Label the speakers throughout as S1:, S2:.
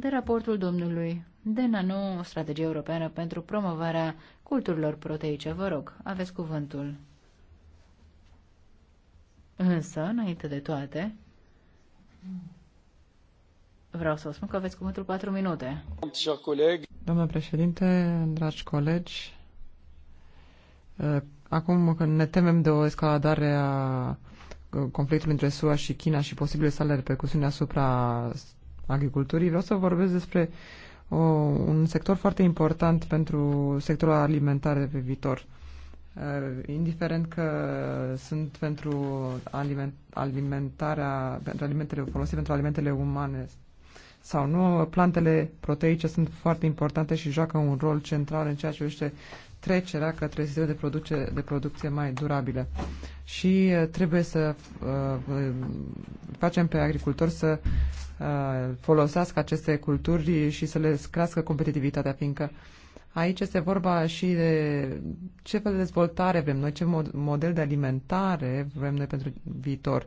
S1: de raportul domnului Denanu, o strategie europeană pentru promovarea culturilor proteice. Vă rog, aveți cuvântul. Însă,
S2: înainte de toate,
S1: vreau să vă spun că aveți cuvântul
S2: 4 minute. Doamna președinte, dragi colegi, eh, acum când ne temem de o escaladare a eh, conflictul între SUA și China și posibile sale repercusiuni asupra agriculturii, vreau să vorbesc despre o, un sector foarte important pentru sectorul alimentar de pe viitor. Uh, indiferent că sunt pentru aliment, alimentarea, pentru alimentele folosite pentru alimentele umane sau nu. Plantele proteice sunt foarte importante și joacă un rol central în ceea ce privește trecerea către sisteme de, produce, de producție mai durabile. Și uh, trebuie să uh, uh, facem pe agricultori să uh, folosească aceste culturi și să le crească competitivitatea, fiindcă aici este vorba și de ce fel de dezvoltare vrem noi, ce mod, model de alimentare vrem noi pentru viitor.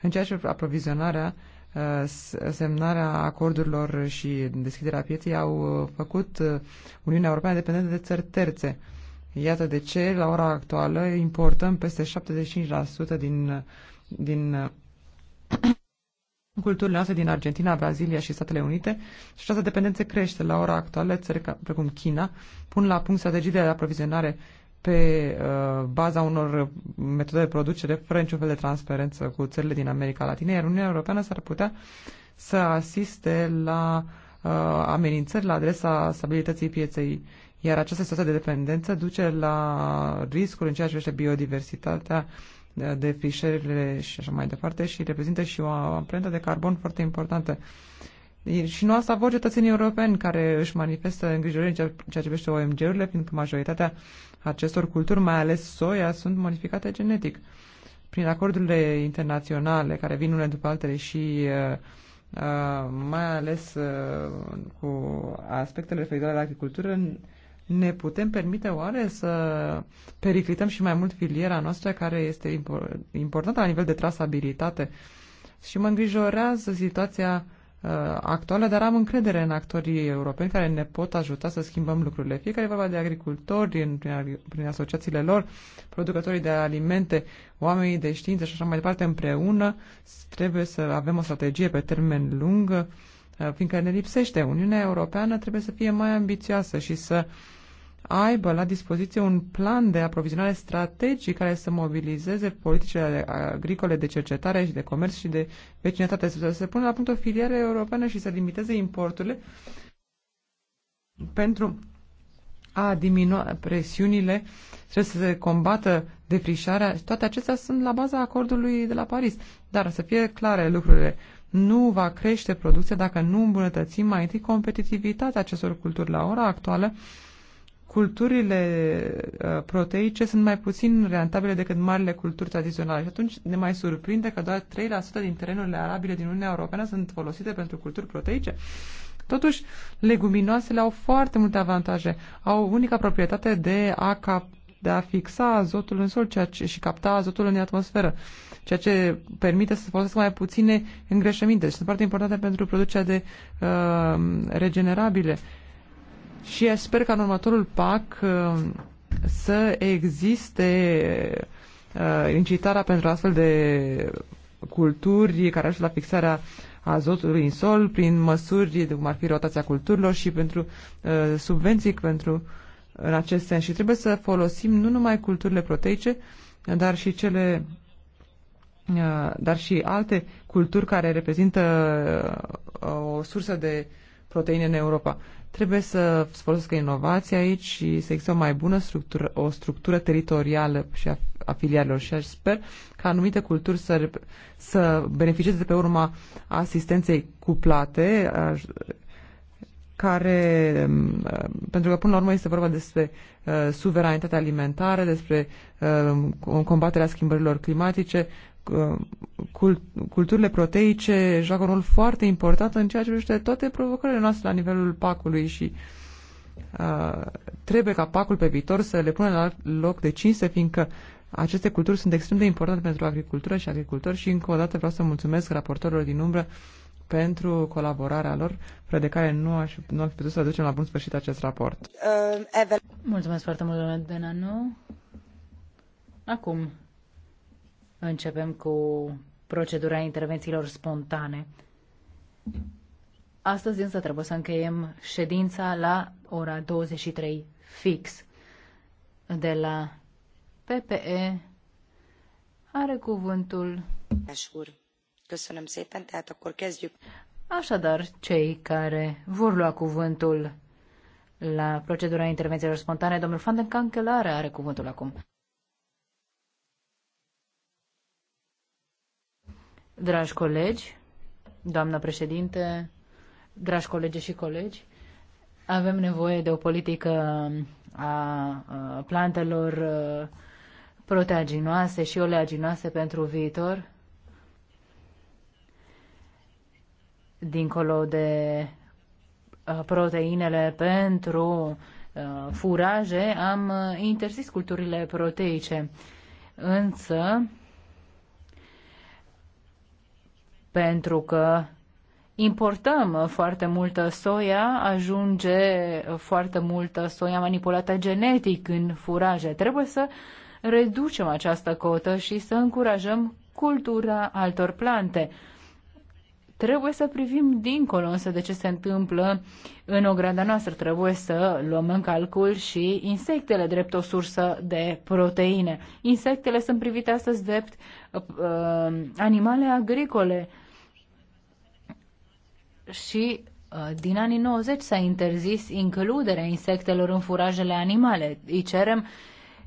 S2: În ceea ce aprovizionarea, uh, semnarea acordurilor și deschiderea pieței au uh, făcut uh, Uniunea Europeană dependentă de țări terțe. Iată de ce, la ora actuală, importăm peste 75% din, din uh, culturile noastre din Argentina, Brazilia și Statele Unite și această dependență crește. La ora actuală, țări ca, precum China pun la punct strategii de aprovizionare pe uh, baza unor metode de producere fără niciun fel de transparență cu țările din America Latină, iar Uniunea Europeană s-ar putea să asiste la uh, amenințări la adresa stabilității pieței. Iar această situație de dependență duce la riscuri în ceea ce privește biodiversitatea uh, de fișerile și așa mai departe și reprezintă și o amprentă de carbon foarte importantă. Uh, și nu asta vor cetățenii europeni care își manifestă îngrijorări în ceea ce privește OMG-urile, fiindcă majoritatea acestor culturi, mai ales soia, sunt modificate genetic. Prin acordurile internaționale, care vin unele după altele și uh, uh, mai ales uh, cu aspectele referitoare la agricultură, ne putem permite oare să periclităm și mai mult filiera noastră care este impor importantă la nivel de trasabilitate? Și mă îngrijorează situația Uh, actuală, dar am încredere în actorii europeni care ne pot ajuta să schimbăm lucrurile. Fiecare e vorba de agricultori în, prin, prin asociațiile lor, producătorii de alimente, oamenii de știință și așa mai departe, împreună trebuie să avem o strategie pe termen lung, uh, fiindcă ne lipsește. Uniunea Europeană trebuie să fie mai ambițioasă și să uh, aibă la dispoziție un plan de aprovizionare strategic care să mobilizeze politicile agricole de cercetare și de comerț și de vecinătate, să se pună la punct o filiere europeană și să limiteze importurile pentru a diminua presiunile, trebuie să se combată defrișarea și toate acestea sunt la baza acordului de la Paris. Dar să fie clare lucrurile, nu va crește producția dacă nu îmbunătățim mai întâi competitivitatea acestor culturi. La ora actuală, culturile uh, proteice sunt mai puțin rentabile decât marile culturi tradiționale și atunci ne mai surprinde că doar 3% din terenurile arabile din Uniunea Europeană sunt folosite pentru culturi proteice. Totuși, leguminoasele au foarte multe avantaje. Au unica proprietate de a cap de a fixa azotul în sol ceea ce, și capta azotul în atmosferă, ceea ce permite să folosesc mai puține îngreșăminte. Deci sunt foarte importante pentru producerea de uh, regenerabile. Uh, și sper ca în următorul PAC uh, să existe uh, incitarea pentru astfel de culturi care ajută la fixarea azotului în sol prin măsuri cum ar fi rotația culturilor și pentru uh, subvenții pentru în acest sens. Și trebuie să folosim nu numai culturile proteice, dar și cele dar și alte culturi care reprezintă o sursă de proteine în Europa. Trebuie să folosească inovația aici și să există o mai bună structură, o structură teritorială și a, a filialelor și aș sper ca anumite culturi să, să beneficieze de pe urma asistenței cuplate, aș, care, mm, mm, pentru că până la urmă este vorba despre uh, suveranitatea alimentară, despre uh, combaterea schimbărilor climatice, culturile proteice joacă un rol foarte important în ceea ce privește toate provocările noastre la nivelul pacului și uh, trebuie ca pacul pe viitor să le pună la loc de cinste, fiindcă aceste culturi sunt extrem de importante pentru agricultură și agricultori și încă o dată vreau să mulțumesc raportorilor din umbră pentru colaborarea lor, fără de care nu, aș, nu am fi putut să aducem la bun sfârșit acest raport.
S1: Uh, Mulțumesc foarte mult, doamna Denanu. Acum, Începem cu procedura intervențiilor spontane. Astăzi însă trebuie să încheiem ședința la ora 23 fix. De la PPE are cuvântul... Așadar, cei care vor lua cuvântul la procedura intervențiilor spontane, domnul Van are cuvântul acum. Dragi colegi, doamnă președinte, dragi colegi și colegi, avem nevoie de o politică a plantelor proteaginoase și oleaginoase pentru viitor, dincolo de proteinele pentru furaje, am interzis culturile proteice. Însă, pentru că importăm foarte multă soia, ajunge foarte multă soia manipulată genetic în furaje. Trebuie să reducem această cotă și să încurajăm cultura altor plante. Trebuie să privim dincolo însă de ce se întâmplă în ograda noastră. Trebuie să luăm în calcul și insectele drept o sursă de proteine. Insectele sunt privite astăzi drept uh, animale agricole. Uh, și uh, din anii 90 s-a interzis includerea insectelor în furajele animale. Îi cerem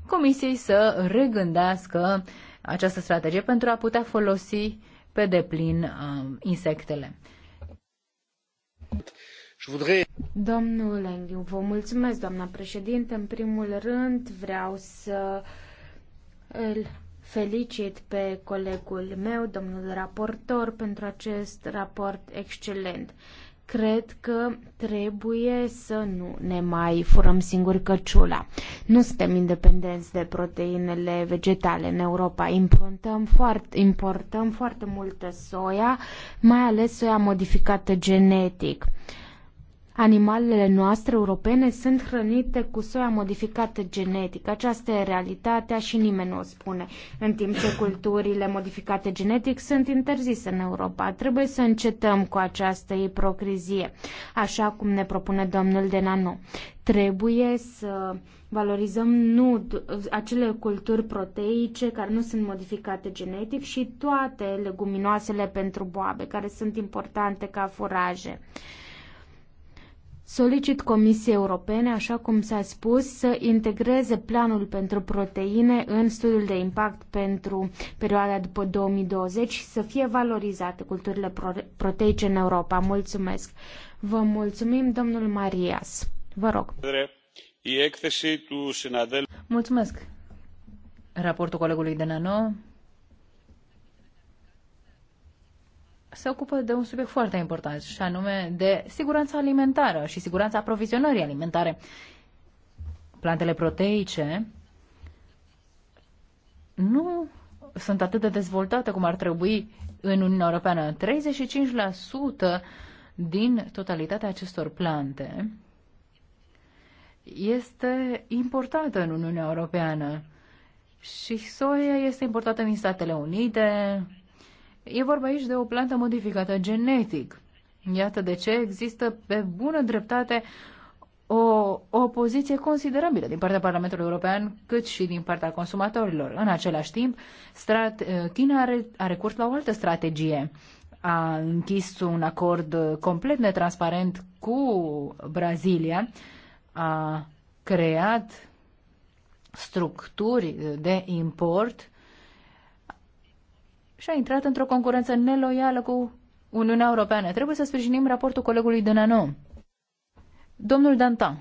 S1: Comisiei să regândească această strategie pentru a putea folosi
S3: pe deplin uh, insectele. Domnul Enghiu, vă mulțumesc, doamna președinte. În primul rând vreau să îl Felicit pe colegul meu, domnul raportor, pentru acest raport excelent. Cred că trebuie să nu ne mai furăm singuri căciula. Nu suntem independenți de proteinele vegetale în Europa. Importăm foarte, importăm foarte multă soia, mai ales soia modificată genetic. Uh, Animalele noastre europene sunt hrănite cu soia modificată genetic. Aceasta e realitatea și nimeni nu o spune. În timp ce culturile modificate genetic sunt interzise în Europa. Trebuie să încetăm cu această ipocrizie, așa cum ne propune domnul Denano. Trebuie să valorizăm nu acele culturi proteice care nu sunt modificate genetic și toate leguminoasele pentru boabe, care sunt importante ca furaje. Solicit Comisiei Europene, așa cum s-a spus, să integreze planul pentru proteine în studiul de impact pentru perioada după 2020 și să fie valorizate culturile proteice în Europa. Mulțumesc! Vă mulțumim, domnul Marias. Vă rog.
S1: Mulțumesc. Raportul colegului de Nano se ocupă de un subiect foarte important, și anume de siguranța alimentară și siguranța aprovizionării alimentare. Plantele proteice nu sunt atât de dezvoltate cum ar trebui în Uniunea Europeană. 35% din totalitatea acestor plante este importată în Uniunea Europeană și soia este importată din Statele Unite, E vorba aici de o plantă modificată genetic. Iată de ce există pe bună dreptate o opoziție considerabilă din partea Parlamentului European, cât și din partea consumatorilor. În același timp, strat, China are, a recurs la o altă strategie. A închis un acord complet netransparent cu Brazilia, a creat structuri de import și a intrat într-o concurență neloială cu Uniunea Europeană. Trebuie să sprijinim raportul colegului Denano. Domnul Dantan.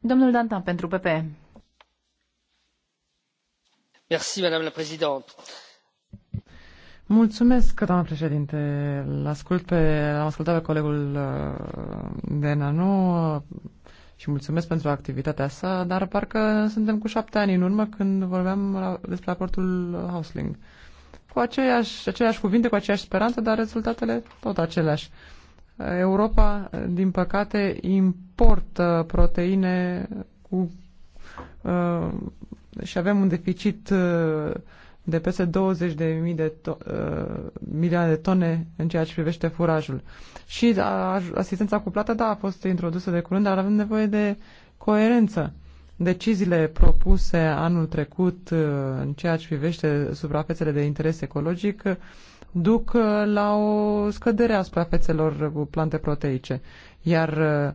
S1: Domnul Dantan pentru PP. Merci,
S4: Madame la Présidente.
S2: Mulțumesc, doamna președinte. L-ascult am ascultat pe colegul uh, de Nanu și mulțumesc pentru activitatea sa, dar parcă suntem cu șapte ani în urmă când vorbeam la, despre raportul Hausling. Cu aceeași, aceleași cuvinte, cu aceeași speranță, dar rezultatele tot aceleași. Europa, din păcate, importă proteine cu, uh, și avem un deficit uh, de peste 20 de, mii de to- uh, milioane de tone în ceea ce privește furajul. Și uh, asistența cuplată, da, a fost introdusă de curând, dar avem nevoie de coerență. Deciziile propuse anul trecut uh, în ceea ce privește suprafețele de interes ecologic uh, duc uh, la o scădere a suprafețelor cu plante proteice, iar uh,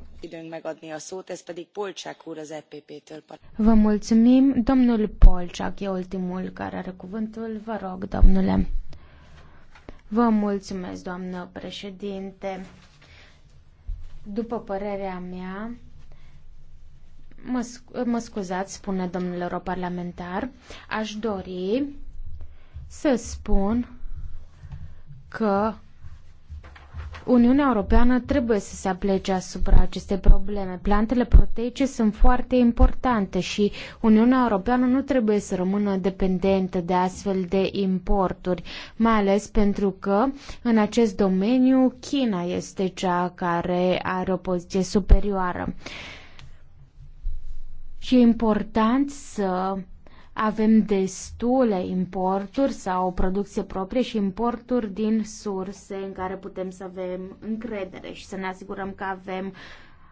S3: Vă mulțumim. Domnul Polcsák e ultimul care are cuvântul. Vă rog, domnule. Vă mulțumesc, doamnă președinte. După părerea mea, mă, sc- mă scuzați, spune domnul europarlamentar, aș dori să spun că Uniunea Europeană trebuie să se aplece asupra acestei probleme. Plantele proteice sunt foarte importante și Uniunea Europeană nu trebuie să rămână dependentă de astfel de importuri, mai ales pentru că în acest domeniu China este cea care are o poziție superioară. Și e important să avem destule importuri sau producție proprie și importuri din surse în care putem să avem încredere și să ne asigurăm că avem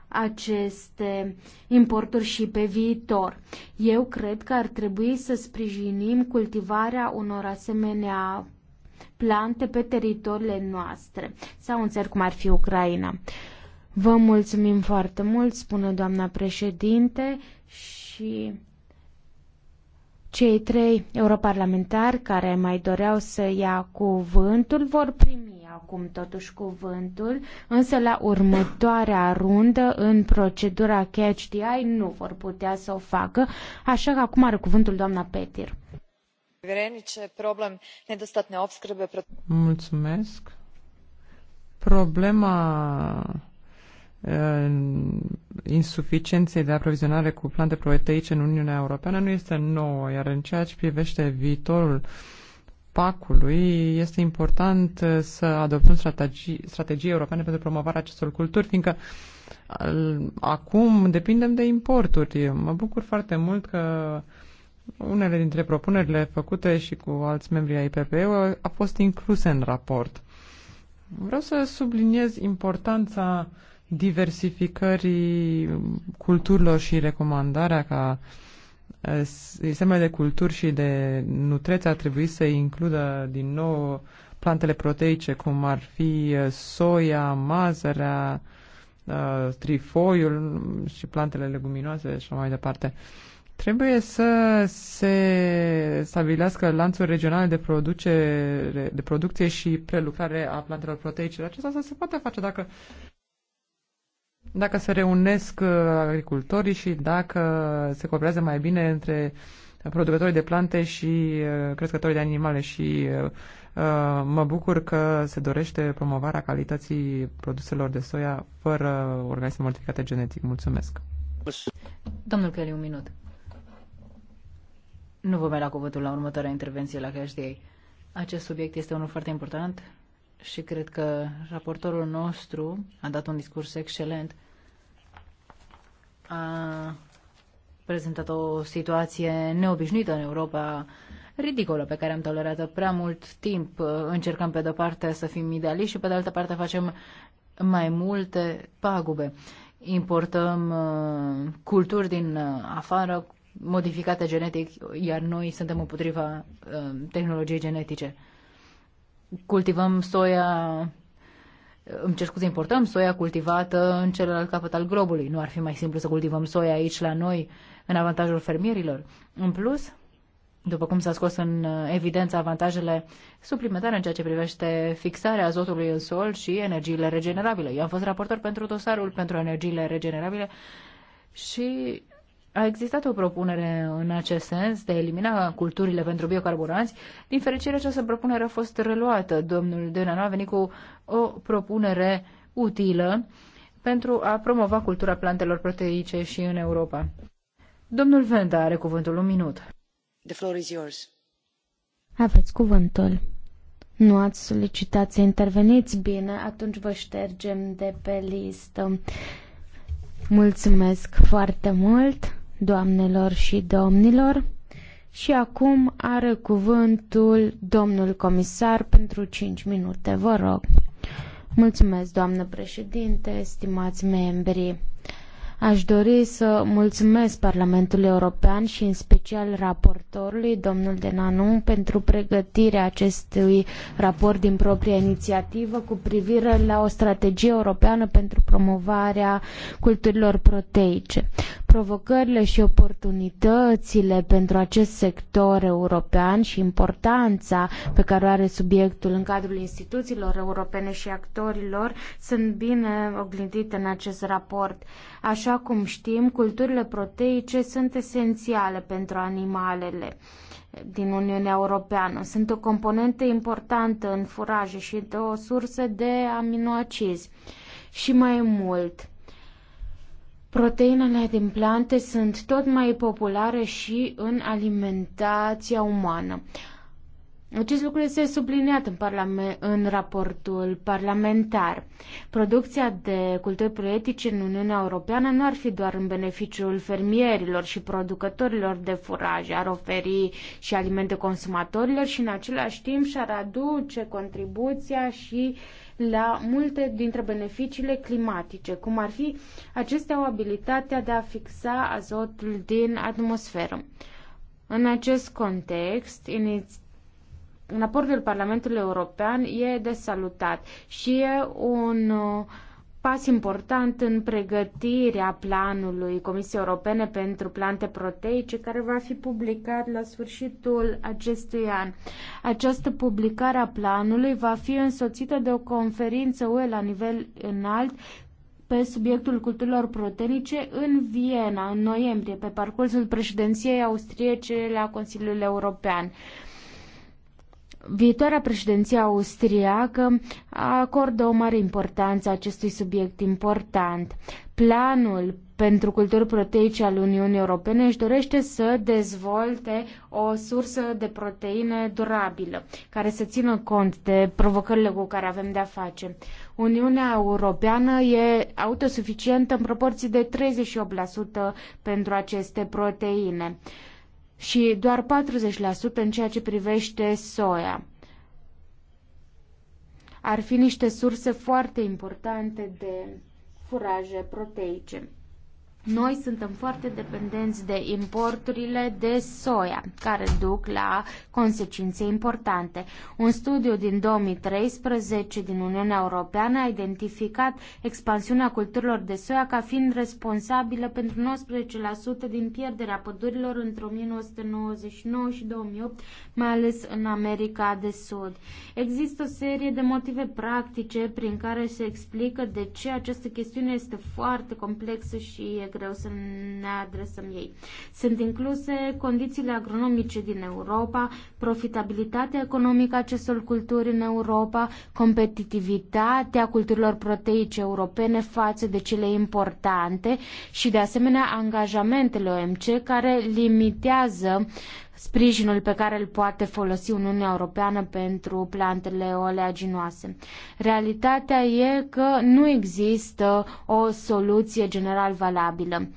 S3: aceste importuri și pe viitor. Eu cred că ar trebui să sprijinim cultivarea unor asemenea plante pe teritoriile noastre sau în țări cum ar fi Ucraina. Vă mulțumim foarte mult, spune doamna președinte și cei trei europarlamentari care mai doreau să ia cuvântul vor primi acum totuși cuvântul, însă la următoarea rundă, în procedura Catch the Eye, nu vor putea să o facă, așa că acum are cuvântul doamna Petir.
S2: Mulțumesc. Problema Uh, insuficienței de aprovizionare cu plante proteice în Uniunea Europeană nu este nouă, iar în ceea ce privește viitorul pacului, este important uh, să adoptăm strategii, strategii europene pentru promovarea acestor culturi, fiindcă uh, acum depindem de importuri. Mă bucur foarte mult că unele dintre propunerile făcute și cu alți membri ai PPE a fost incluse în raport. Vreau să subliniez importanța uh, diversificării culturilor și recomandarea ca eh, sistemele de culturi și de nutrețe ar trebui să includă din nou plantele proteice, cum ar fi eh, soia, mazărea, eh, trifoiul și plantele leguminoase și mai departe. Trebuie să se stabilească lanțuri regionale de, produce, de producție și prelucrare a plantelor proteice. Acesta se poate face dacă dacă se reunesc uh, agricultorii și dacă se cooperează mai bine între producătorii de plante și uh, crescătorii de animale și uh, mă bucur că se dorește promovarea calității produselor de soia fără organisme modificate genetic. Mulțumesc.
S1: Domnul Kelly, un minut. Nu vă mai la cuvântul la următoarea intervenție la HDA. Acest subiect este unul foarte important și cred că raportorul nostru a dat un discurs excelent. A prezentat o situație neobișnuită în Europa, ridicolă, pe care am tolerat-o prea mult timp. Încercăm pe de-o parte să fim idealiști și pe de altă parte facem mai multe pagube. Importăm uh, culturi din uh, afară modificate genetic, iar noi suntem împotriva uh, tehnologiei genetice cultivăm soia, îmi cer scuze, importăm soia cultivată în celălalt capăt al globului. Nu ar fi mai simplu să cultivăm soia aici la noi, în avantajul fermierilor. În plus, după cum s-a scos în evidență avantajele suplimentare în ceea ce privește fixarea azotului în sol și energiile regenerabile. Eu am fost raportor pentru dosarul pentru energiile regenerabile și a existat o propunere în acest sens de a elimina culturile pentru biocarburanți. Din fericire, această propunere a fost reluată. Domnul Denanu a venit cu o propunere utilă pentru a promova cultura plantelor proteice și în Europa. Domnul Venda are cuvântul
S3: un minut. The floor is yours. Aveți cuvântul. Nu ați solicitat să interveniți bine, atunci vă ștergem de pe listă. Mulțumesc foarte mult doamnelor și domnilor. Și acum are cuvântul domnul comisar pentru 5 minute, vă rog. Mulțumesc, doamnă președinte, stimați membri. Aș dori să mulțumesc Parlamentului European și în special raportorului, domnul Denanu, pentru pregătirea acestui raport din propria inițiativă cu privire la o strategie europeană pentru promovarea culturilor proteice. Provocările și oportunitățile pentru acest sector european și importanța pe care o are subiectul în cadrul instituțiilor europene și actorilor sunt bine oglindite în acest raport. Așa cum știm, culturile proteice sunt esențiale pentru animalele din Uniunea Europeană. Sunt o componentă importantă în furaje și o sursă de aminoacizi. Și mai mult, Proteinele din plante sunt tot mai populare și în alimentația umană. Acest lucru este subliniat în, în raportul parlamentar. Producția de culturi proietice în Uniunea Europeană nu ar fi doar în beneficiul fermierilor și producătorilor de furaje, ar oferi și alimente consumatorilor și în același timp și-ar aduce contribuția și uh, la multe dintre beneficiile climatice, cum ar fi acestea o abilitatea de a fixa azotul din atmosferă. În acest context, în raportul Parlamentului European e de salutat și e un uh, pas important în pregătirea planului Comisiei Europene pentru plante proteice, care va fi publicat la sfârșitul acestui an. Această publicare a planului va fi însoțită de o conferință UE la nivel înalt pe subiectul culturilor proteice în Viena, în noiembrie, pe parcursul președinției austriece la Consiliul European. Viitoarea președinție austriacă acordă o mare importanță acestui subiect important. Planul pentru culturi proteice al Uniunii Europene își dorește să dezvolte o sursă de proteine durabilă, care să țină cont de provocările cu care avem de-a face. Uniunea Europeană e autosuficientă în proporție de 38% pentru aceste proteine și doar 40% în ceea ce privește soia. Ar fi niște surse foarte importante de furaje proteice. Noi suntem foarte dependenți de importurile de soia, care duc la consecințe importante. Un studiu din 2013 din Uniunea Europeană a identificat expansiunea culturilor de soia ca fiind responsabilă pentru 19% din pierderea pădurilor între 1999 și 2008, mai ales în America de Sud. Există o serie de motive practice prin care se explică de ce această chestiune este foarte complexă și greu să ne adresăm ei. Sunt incluse condițiile agronomice din Europa, profitabilitatea economică a acestor culturi în Europa, competitivitatea culturilor proteice europene față de cele importante și, de asemenea, angajamentele OMC care limitează sprijinul pe care îl poate folosi Uniunea Europeană pentru plantele oleaginoase. Realitatea e că nu există o soluție general valabilă.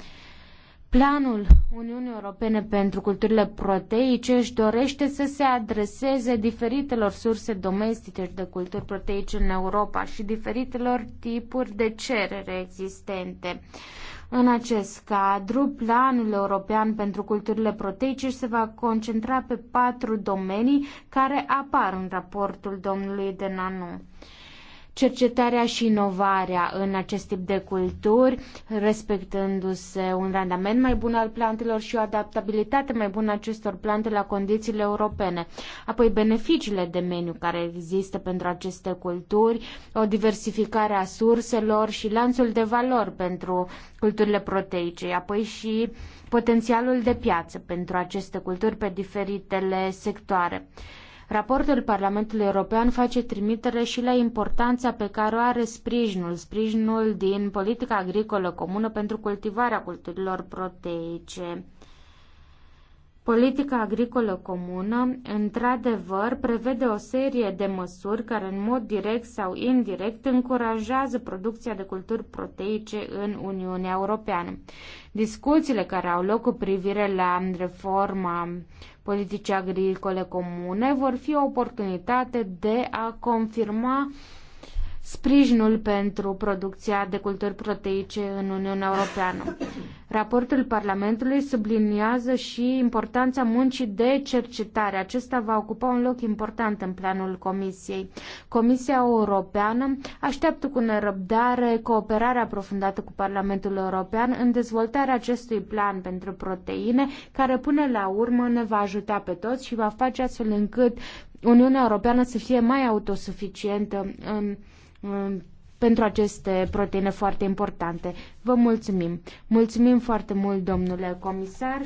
S3: Planul Uniunii Europene pentru culturile proteice își dorește să se adreseze diferitelor surse domestice de culturi proteice în Europa și diferitelor tipuri de cerere existente. În acest cadru, planul european pentru culturile proteice se va concentra pe patru domenii care apar în raportul domnului Denanu cercetarea și inovarea în acest tip de culturi, respectându-se un randament mai bun al plantelor și o adaptabilitate mai bună a acestor plante la condițiile europene. Apoi beneficiile de meniu care există pentru aceste culturi, o diversificare a surselor și lanțul de valori pentru culturile proteice, apoi și potențialul de piață pentru aceste culturi pe diferitele sectoare. Raportul Parlamentului European face trimitere și la importanța pe care o are sprijinul, sprijinul din politica agricolă comună pentru cultivarea culturilor proteice. Politica agricolă comună, într-adevăr, prevede o serie de măsuri care în mod direct sau indirect încurajează producția de culturi proteice în Uniunea Europeană. Discuțiile care au loc cu privire la reforma politicii agricole comune vor fi o oportunitate de a confirma sprijinul pentru producția de culturi proteice în Uniunea Europeană. Raportul Parlamentului subliniază și importanța muncii de cercetare. Acesta va ocupa un loc important în planul Comisiei. Comisia Europeană așteaptă cu nerăbdare cooperarea aprofundată cu Parlamentul European în dezvoltarea acestui plan pentru proteine, care până la urmă ne va ajuta pe toți și va face astfel încât Uniunea Europeană să fie mai autosuficientă în Mm, pentru aceste proteine foarte importante. Vă mulțumim! Mulțumim foarte mult, domnule comisar!